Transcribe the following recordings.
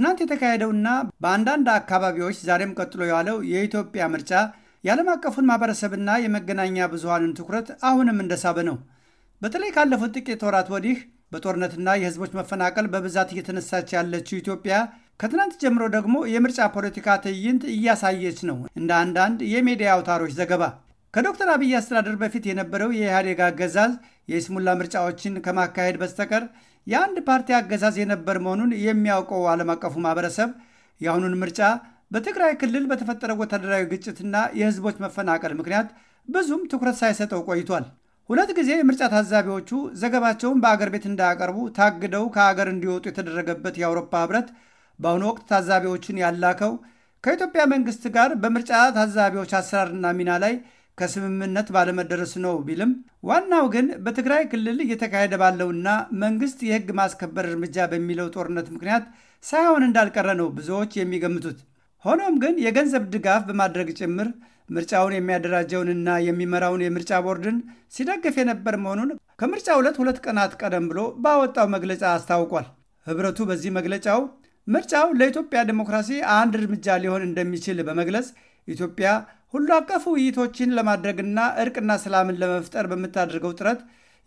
ትናንት የተካሄደውና በአንዳንድ አካባቢዎች ዛሬም ቀጥሎ ያለው የኢትዮጵያ ምርጫ የዓለም አቀፉን ማህበረሰብና የመገናኛ ብዙሃንን ትኩረት አሁንም እንደሳበ ነው። በተለይ ካለፉት ጥቂት ወራት ወዲህ በጦርነትና የህዝቦች መፈናቀል በብዛት እየተነሳች ያለችው ኢትዮጵያ ከትናንት ጀምሮ ደግሞ የምርጫ ፖለቲካ ትዕይንት እያሳየች ነው እንደ አንዳንድ የሚዲያ አውታሮች ዘገባ ከዶክተር አብይ አስተዳደር በፊት የነበረው የኢህአዴግ አገዛዝ የስሙላ ምርጫዎችን ከማካሄድ በስተቀር የአንድ ፓርቲ አገዛዝ የነበር መሆኑን የሚያውቀው ዓለም አቀፉ ማህበረሰብ የአሁኑን ምርጫ በትግራይ ክልል በተፈጠረው ወታደራዊ ግጭትና የህዝቦች መፈናቀል ምክንያት ብዙም ትኩረት ሳይሰጠው ቆይቷል። ሁለት ጊዜ የምርጫ ታዛቢዎቹ ዘገባቸውን በአገር ቤት እንዳያቀርቡ ታግደው ከአገር እንዲወጡ የተደረገበት የአውሮፓ ህብረት በአሁኑ ወቅት ታዛቢዎችን ያላከው ከኢትዮጵያ መንግስት ጋር በምርጫ ታዛቢዎች አሰራርና ሚና ላይ ከስምምነት ባለመደረስ ነው ቢልም ዋናው ግን በትግራይ ክልል እየተካሄደ ባለውና መንግስት የህግ ማስከበር እርምጃ በሚለው ጦርነት ምክንያት ሳይሆን እንዳልቀረ ነው ብዙዎች የሚገምቱት። ሆኖም ግን የገንዘብ ድጋፍ በማድረግ ጭምር ምርጫውን የሚያደራጀውንና የሚመራውን የምርጫ ቦርድን ሲደግፍ የነበር መሆኑን ከምርጫ ሁለት ሁለት ቀናት ቀደም ብሎ ባወጣው መግለጫ አስታውቋል። ህብረቱ በዚህ መግለጫው ምርጫው ለኢትዮጵያ ዴሞክራሲ አንድ እርምጃ ሊሆን እንደሚችል በመግለጽ ኢትዮጵያ ሁሉ አቀፍ ውይይቶችን ለማድረግና እርቅና ሰላምን ለመፍጠር በምታደርገው ጥረት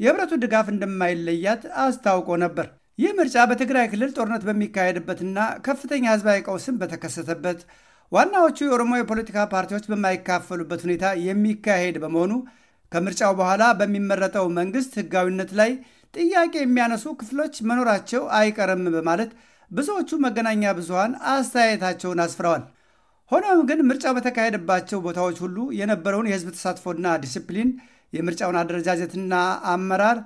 የህብረቱ ድጋፍ እንደማይለያት አስታውቆ ነበር። ይህ ምርጫ በትግራይ ክልል ጦርነት በሚካሄድበትና ከፍተኛ ህዝባዊ ቀውስን በተከሰተበት ዋናዎቹ የኦሮሞ የፖለቲካ ፓርቲዎች በማይካፈሉበት ሁኔታ የሚካሄድ በመሆኑ ከምርጫው በኋላ በሚመረጠው መንግስት ህጋዊነት ላይ ጥያቄ የሚያነሱ ክፍሎች መኖራቸው አይቀርም በማለት ብዙዎቹ መገናኛ ብዙሃን አስተያየታቸውን አስፍረዋል። ሆኖም ግን ምርጫው በተካሄደባቸው ቦታዎች ሁሉ የነበረውን የህዝብ ተሳትፎና ዲስፕሊን፣ የምርጫውን አደረጃጀትና አመራር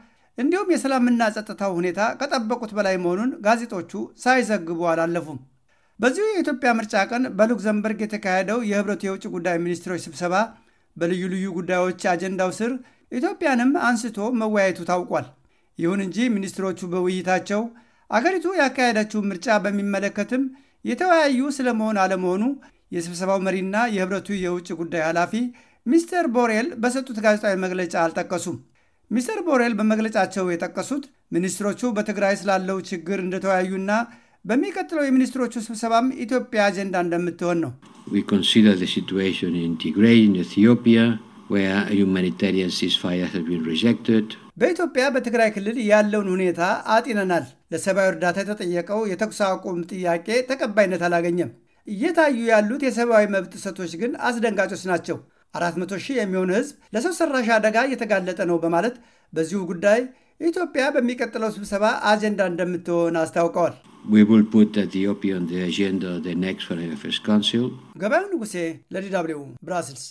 እንዲሁም የሰላምና ጸጥታው ሁኔታ ከጠበቁት በላይ መሆኑን ጋዜጦቹ ሳይዘግቡ አላለፉም። በዚሁ የኢትዮጵያ ምርጫ ቀን በሉክዘምበርግ የተካሄደው የህብረቱ የውጭ ጉዳይ ሚኒስትሮች ስብሰባ በልዩ ልዩ ጉዳዮች አጀንዳው ስር ኢትዮጵያንም አንስቶ መወያየቱ ታውቋል። ይሁን እንጂ ሚኒስትሮቹ በውይይታቸው አገሪቱ ያካሄደችውን ምርጫ በሚመለከትም የተወያዩ ስለመሆን አለመሆኑ የስብሰባው መሪና የህብረቱ የውጭ ጉዳይ ኃላፊ ሚስተር ቦሬል በሰጡት ጋዜጣዊ መግለጫ አልጠቀሱም። ሚስተር ቦሬል በመግለጫቸው የጠቀሱት ሚኒስትሮቹ በትግራይ ስላለው ችግር እንደተወያዩና በሚቀጥለው የሚኒስትሮቹ ስብሰባም ኢትዮጵያ አጀንዳ እንደምትሆን ነው። በኢትዮጵያ በትግራይ ክልል ያለውን ሁኔታ አጢነናል። ለሰብአዊ እርዳታ የተጠየቀው የተኩስ አቁም ጥያቄ ተቀባይነት አላገኘም። እየታዩ ያሉት የሰብአዊ መብት ጥሰቶች ግን አስደንጋጮች ናቸው። 400 ሺህ የሚሆን ህዝብ ለሰው ሰራሽ አደጋ እየተጋለጠ ነው በማለት በዚሁ ጉዳይ ኢትዮጵያ በሚቀጥለው ስብሰባ አጀንዳ እንደምትሆን አስታውቀዋል። ገበያው ንጉሴ ለዲ ደብልዩ ብራስልስ